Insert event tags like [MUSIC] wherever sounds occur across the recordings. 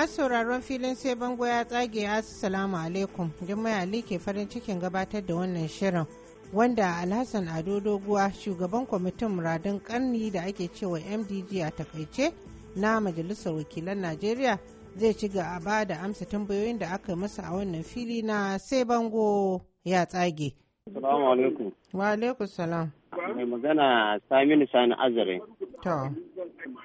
Masu sauraron filin sai bango ya tsage assalamu alaikum. Jummai Ali ke farin cikin gabatar da wannan shirin. Wanda Alhassan Ado Doguwa shugaban kwamitin muradun karni da ake cewa MDG a takaice na Majalisar Wakilan Najeriya zai ci gaba da amsa tambayoyin da aka masa a wannan fili na sai bango ya tsage. magana Saminu Sani Azare. To.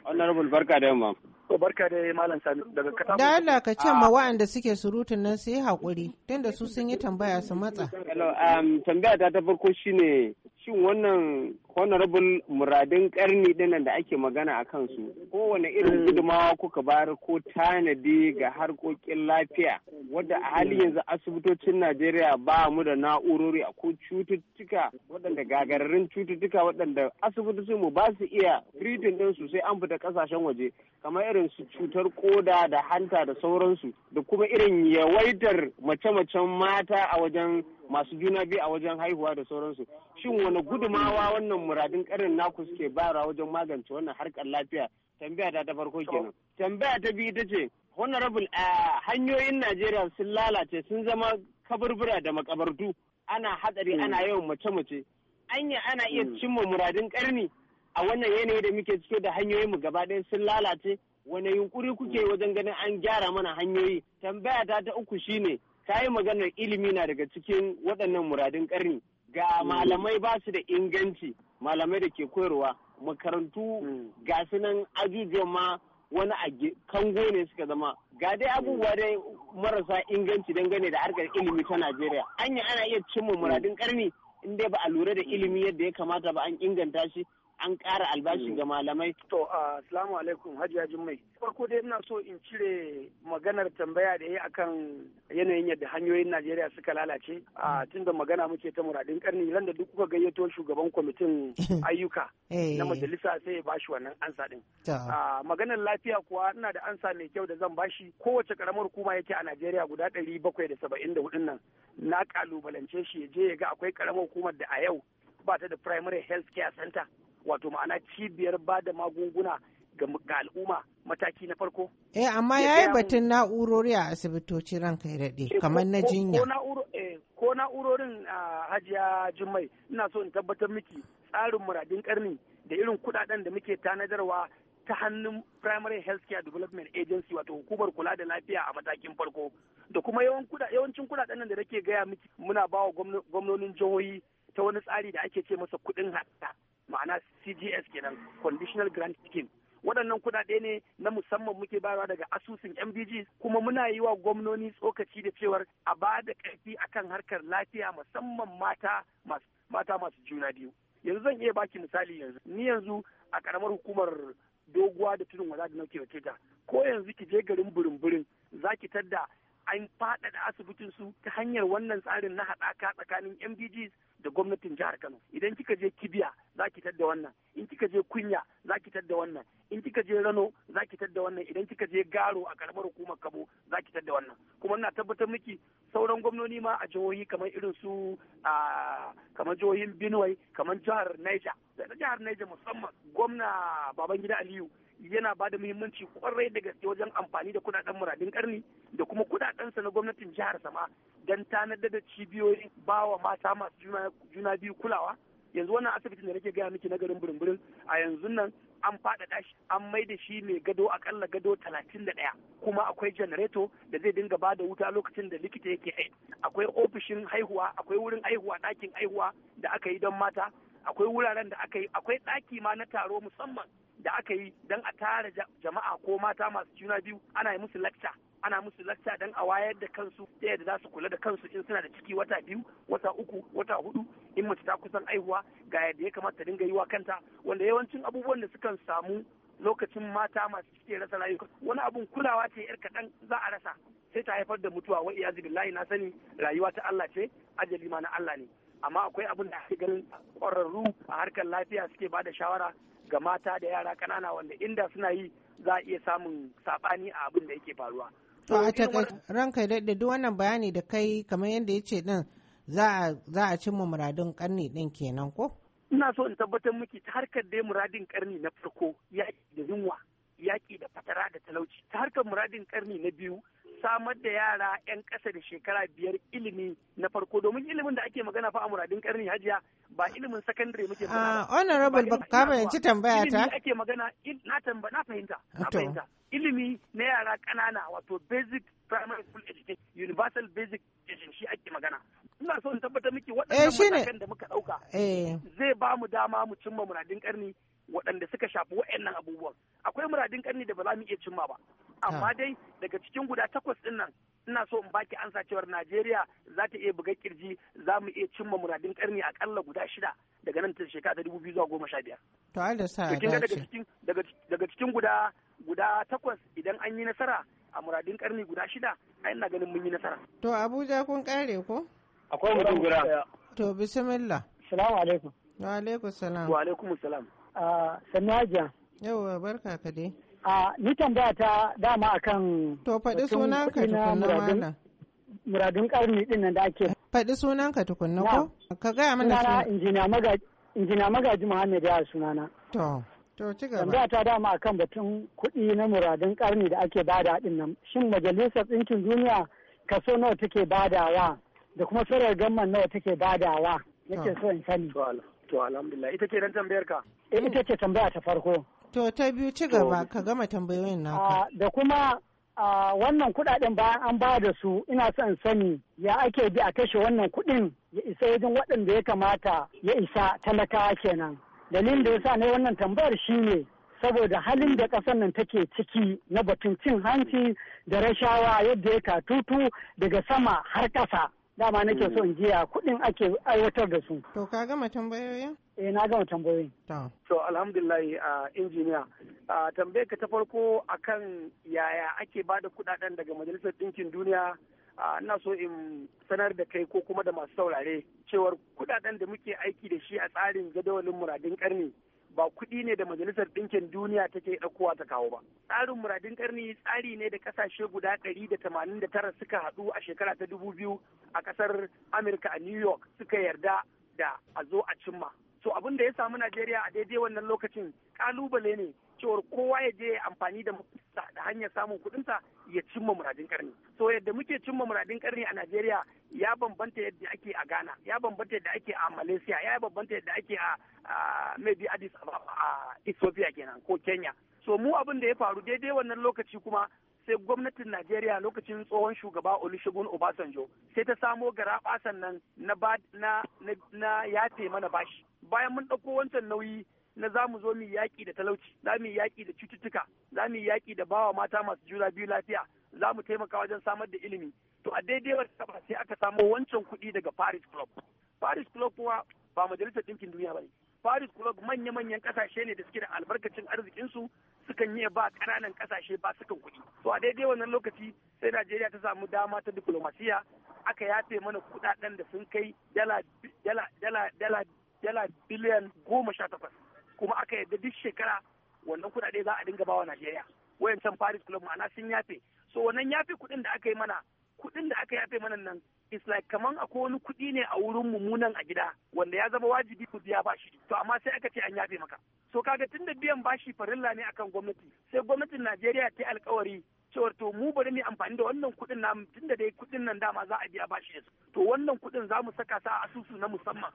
Honorable barka da yamma. ko barka da malam Sani daga Katamu. Da Allah ka ce ma ah. waɗanda suke surutun nan su yi haƙuri tunda su sun yi tambaya su matsa. Um, tambaya ta ta farko shine shin wannan honorable muradin karni dinan da ake magana a kansu kowane irin eh. gudumawa kuka bayar ko tanadi ga harkokin lafiya wadda a halin hmm. yanzu asibitocin najeriya ba mu da na'urori a ko cututtuka waɗanda gagararrun cututtuka waɗanda asibitocin mu ba su iya ritin din su sai an fita kasashen waje kamar irin su cutar koda da hanta da sauransu da kuma irin yawaitar mace-macen mata a wajen masu juna biyu a wajen haihuwa da sauransu shin wani gudumawa wannan muradin karin naku suke bayarwa wajen magance wannan harkar lafiya tambaya ta farko kenan tambaya ta biyu tace ce honorable a hanyoyin najeriya sun lalace sun zama kaburbura da makabartu ana hatsari hmm. ana yawan mace-mace anya ana iya hmm. cimma muradin karni a wannan yanayi da muke cike da hanyoyin mu gaba ɗaya sun lalace wani yunkuri kuke hmm. wajen ganin an gyara mana hanyoyi tambaya ta ta uku shine ka maganar ilimi na daga cikin waɗannan muradin karni ga mm. malamai ba su da inganci malamai da ke koyarwa makarantu mm. ga su nan ajujuwan ma wani a kango ne suka zama ga dai mm. abubuwa dai marasa inganci dangane da harkar ilimi ta najeriya yi ana iya cimma muradin karni in dai ba a lura da ilimi yadda ya kamata ba an inganta shi an ƙara albashi mm. ga malamai. To, assalamu alaikum hajiya jummai. Farko dai ina so in cire maganar tambaya da yi akan yanayin yadda hanyoyin Najeriya suka lalace. A mm. tun da magana muke ta muradin karni landa da duk kuka gayyato shugaban kwamitin [LAUGHS] ayyuka na eh. majalisa sai ya bashi wannan ansa din. maganar lafiya kuwa ina da ansa mai kyau da zan bashi kowace karamar hukuma yake a Najeriya guda ɗari bakwai da saba'in da hudun nan. Na kalubalance shi ya je ya ga akwai karamar hukumar da a yau ba ta da primary health care center. wato ma'ana cibiyar ba da magunguna ga al'umma mataki na farko. Eh amma ya yi batun na'urori a asibitoci ranka ya daɗe eh, kamar na jinya. Ko eh, na'urorin hajiya jimai ina so in tabbatar miki tsarin muradin karni da irin kudaden da muke tanadarwa ta hannun primary health care development agency wato hukumar kula da lafiya a matakin farko da kuma yawancin kudaden nan da nake gaya miki muna bawa gwamnonin jihohi ta wani tsari da ake ce masa kuɗin hatta ma'ana CGS kenan conditional grant scheme waɗannan kuɗaɗe ne na musamman muke bayarwa daga asusun mbg kuma muna yi wa gwamnoni tsokaci da cewar a ba da ƙarfi akan harkar lafiya musamman mata masu mata masu juna biyu yanzu zan iya baki misali yanzu ni yanzu a karamar hukumar doguwa da tudun wada da nake wakilta ko yanzu ki je garin burin-burin za ki tadda an faɗaɗa asibitinsu ta hanyar wannan tsarin na haɗaka tsakanin MDGs da gwamnatin jihar Kano. Idan kika je Kibiya za ki tadda wannan, in kika je Kunya za ki tadda wannan, in kika je Rano za ki tadda wannan, idan kika je Garo a karamar hukumar Kabo za ki tadda wannan. Kuma ina tabbatar miki sauran gwamnoni ma a jihohi kamar irin su a kamar jihohin Benue, kamar jihar Niger, da jihar Niger musamman gwamna Babangida Aliyu yana ba da muhimmanci kwarai da gaske wajen amfani da kudaden muradin karni da kuma kudadensa na gwamnatin jihar sama don tanada da cibiyoyin ba wa mata masu juna biyu kulawa yanzu wannan asibitin da nake gaya miki na garin birin a yanzu nan an faɗaɗa shi an mai da shi mai gado akalla gado talatin da ɗaya kuma akwai janareto da zai dinga ba da wuta lokacin da likita yake aiki akwai ofishin haihuwa akwai wurin haihuwa ɗakin haihuwa da aka yi don mata akwai wuraren da aka yi akwai ɗaki ma na taro musamman da aka yi don a tara jama'a ko mata masu juna biyu ana yi musu lacca, ana musu lakca don a wayar da kansu ta yadda za su kula da kansu in suna da ciki wata biyu wata uku wata hudu in mace ta kusan aihuwa ga yadda ya kamata ta dinga yi wa kanta wanda yawancin abubuwan da sukan samu lokacin mata masu ya rasa rayuka wani abun kulawa ce yar kaɗan za a rasa sai ta haifar da mutuwa wa iyazi billahi na sani rayuwa ta Allah ce ajali ma na Allah ne amma akwai abin da ake ganin ƙwararru a harkar lafiya suke ba da shawara ga mata da yara kanana wanda inda suna yi za a iya samun sabani a abin da yake faruwa. To a takai ranka da duk wannan bayani da kai kamar yadda ya ce din za a cimma muradin ƙarni din kenan ko? Ina so in tabbatar miki ta harkar dai muradin ƙarni na farko yaƙi da yunwa yaƙi da fatara da talauci ta harkar muradin karni na biyu samar da yara 'yan ƙasa da shekara biyar ilimi na farko domin ilimin da ake magana fa a muradin ƙarni hajiya ba ilimin sakandare muke magana. Ah, honorable ba ka fahimci tambaya ta? Ilimi ake magana na tamba na fahimta, na fahimta. Ilimi na yara ƙanana wato basic primary school education, universal basic education shi ake magana. Ina so in tabbatar miki waɗannan eh, matakan da muka ɗauka. Eh. Zai ba mu dama mu cimma muradin karni waɗanda suka shafi waɗannan abubuwan. Akwai muradin karni da ba za mu iya cimma ba. Ah. Amma dai daga cikin guda takwas ɗin nan ina so in baki ansa cewar Najeriya za ta iya buga kirji za mu iya cimma muradin karni akalla guda shida daga nan ta shekara ta dubu biyu zuwa goma sha biyar. To ai da sa daga cikin guda guda takwas idan an yi nasara a muradin karni guda shida a ina ganin mun yi nasara. To Abuja kun kare ko? Akwai mutum guda. To bismillah. Salamu alaikum. Wa alaikum salam. Wa alaikum salam. Ah, Sannu Hajiya. Yawwa barka ka dai. ni tambaya ta dama akan to faɗi sunan ka tukunna mana muradun ƙarni din nan da ake faɗi sunan ka tukunna ko ka gaya mana sunan injiniya magaji injiniya magaji Muhammad ya sunana to to ci gaba tambaya ta dama akan batun kuɗi na muradun ƙarni da ake bada din nan shin majalisar ɗinkin duniya kaso nawa take badawa da kuma sarar gamman nawa take badawa nake so in sani to alhamdulillah ita ce dan tambayar ka eh, ita ce tambaya ta farko To ta biyu ci gaba ka gama tambayoyin naka. Da kuma wannan kudaden bayan an ba da su ina son sani ya ake bi a kashe wannan kudin ya isa yajin waɗanda ya kamata ya isa talakawa kenan. Dalilin da ya sa ne wannan tambayar shine saboda halin da ƙasar nan take ciki na batun cin hanci da rashawa yadda ya katutu daga sama har ƙasa. dama nake so in mm. jiya kuɗin ake aiwatar da su. To ka gama tambayoyin? Eh na gama tambayoyin. To alhamdulillah a injiniya a tambayar ka ta farko akan yaya ake ba da kuɗaɗen daga majalisar ɗinkin duniya ina so in sanar da kai ko kuma da masu saurare cewar kuɗaɗen da muke aiki da shi a tsarin jadawalin muradin karni. ba kuɗi ne da majalisar ɗinkin duniya take ɗaukowa ta kawo ba. Tsarin muradin ƙarni tsari ne da ƙasashe guda ɗari da tamanin da tara suka haɗu a shekara ta dubu biyu a ƙasar Amurka a New York suka yarda da a zo a cimma. to abin da ya samu najeriya a daidai wannan lokacin kalubale ne cewar kowa ya je amfani da da hanyar samun kuɗinsa ya cimma muradin karni so yadda muke cimma muradin karni a najeriya ya bambanta yadda ake a ghana ya bambanta yadda ake a malaysia ya bambanta yadda ake a maybe addis ababa a ethiopia kenan ko kenya so mu abin da ya faru daidai wannan lokaci kuma sai gwamnatin Najeriya lokacin tsohon shugaba Olusegun Obasanjo sai ta samo gara sannan nan na na na yafe mana bashi bayan mun ɗauko wancan nauyi na za mu zo mu yaƙi da talauci za mu yaƙi da cututtuka za mu yaƙi da bawa mata masu juna biyu lafiya za mu taimaka wajen samar da ilimi to a daidai wata ba sai aka samu wancan kuɗi daga paris club paris club kuwa ba majalisar ɗinkin duniya ba ne paris club manya-manyan ƙasashe ne da suke da albarkacin arzikinsu sukan yi ba ƙananan ƙasashe ba sukan kuɗi to a daidai wannan lokaci sai najeriya ta samu dama ta diplomasiya aka yafe mana kuɗaɗen da sun kai dala dala dala dala biliyan goma sha takwas kuma aka yadda duk shekara wannan kuɗaɗe za a dinga bawa Najeriya wayancan Paris Club ma'ana sun yafe so wannan yafe kuɗin da aka yi mana kuɗin da aka yafe mana nan is like kaman akwai wani kuɗi ne a wurin mummunan a gida wanda ya zama wajibi ku biya bashi to amma sai aka ce an yafe maka so kaga tunda biyan bashi farilla ne akan gwamnati sai gwamnatin Najeriya ta alkawari cewar to mu bari mu amfani da wannan kuɗin na tunda dai kuɗin nan dama za a biya bashi to wannan kuɗin za mu saka sa a asusu na musamman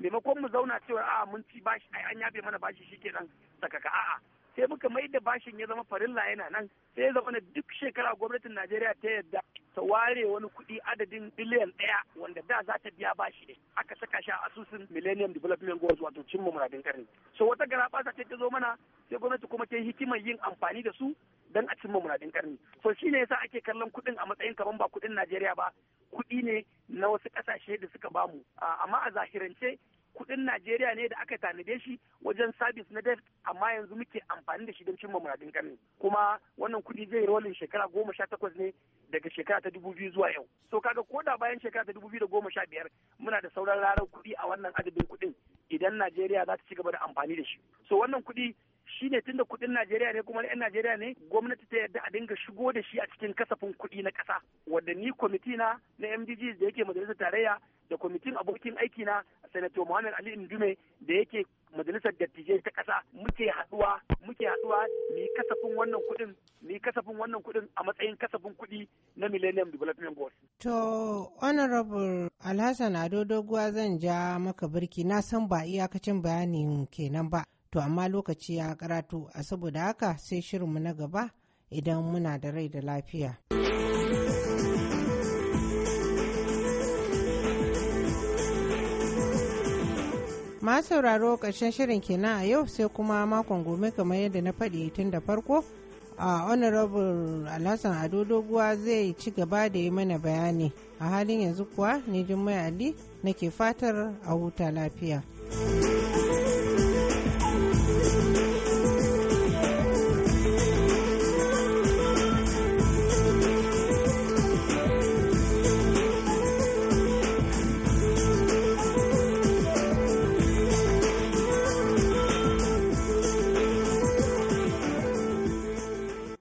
maimakon mu zauna cewar a mun ci bashi ai an yabe mana bashi shikenan sakaka a'a sai muka mai da bashin ya zama farilla yana nan sai ya zama duk shekara gwamnatin Najeriya ta yadda ta ware wani kuɗi adadin biliyan ɗaya wanda da za ta biya bashi ne aka saka shi a asusun millennium development goals wato cimma muradin karni so wata gara ce ta zo mana sai gwamnati kuma ta yi hikimar yin amfani da su don a cimma muradin karni so shi ne yasa ake kallon kuɗin a matsayin kaman ba kuɗin Najeriya ba kuɗi ne na wasu ƙasashe da suka bamu amma a zahirance kuɗin Najeriya ne da aka tanade shi wajen sabis na debt amma yanzu muke amfani da shi don cimma muradin karni kuma wannan kuɗi zai rolin shekara goma sha takwas ne daga shekara ta dubu biyu zuwa yau so kaga ko da bayan shekara ta dubu biyu da goma sha biyar muna da sauran rarar kuɗi a wannan adadin kuɗin idan Najeriya za ta ci gaba da amfani da shi so wannan kuɗi shi ne tunda kudin Najeriya ne kuma 'yan Najeriya ne gwamnati ta yadda a dinga shigo da shi a cikin kasafin kuɗi na kasa wanda ni kwamiti na na MDG da yake majalisar tarayya da kwamitin abokin aiki na sanato Muhammad Ali Indume da yake majalisar dattijai ta kasa muke haɗuwa muke haɗuwa ni kasafin wannan kudin ni kasafin wannan kudin a matsayin kasafin kuɗi na Millennium Development board. To Honorable Alhassan Ado Doguwa zan ja maka birki na san ba iyakacin bayanin kenan ba. to amma lokaci ya karatu a saboda haka sai shirinmu na gaba idan muna da rai da lafiya. Ma sauraro ƙarshen shirin kenan a yau sai kuma makon gobe kamar yadda na faɗi tun da farko a honorable alhassan ado doguwa zai ci gaba da yi mana bayani a halin yanzu kuwa ne jummai ali nake fatar a huta lafiya.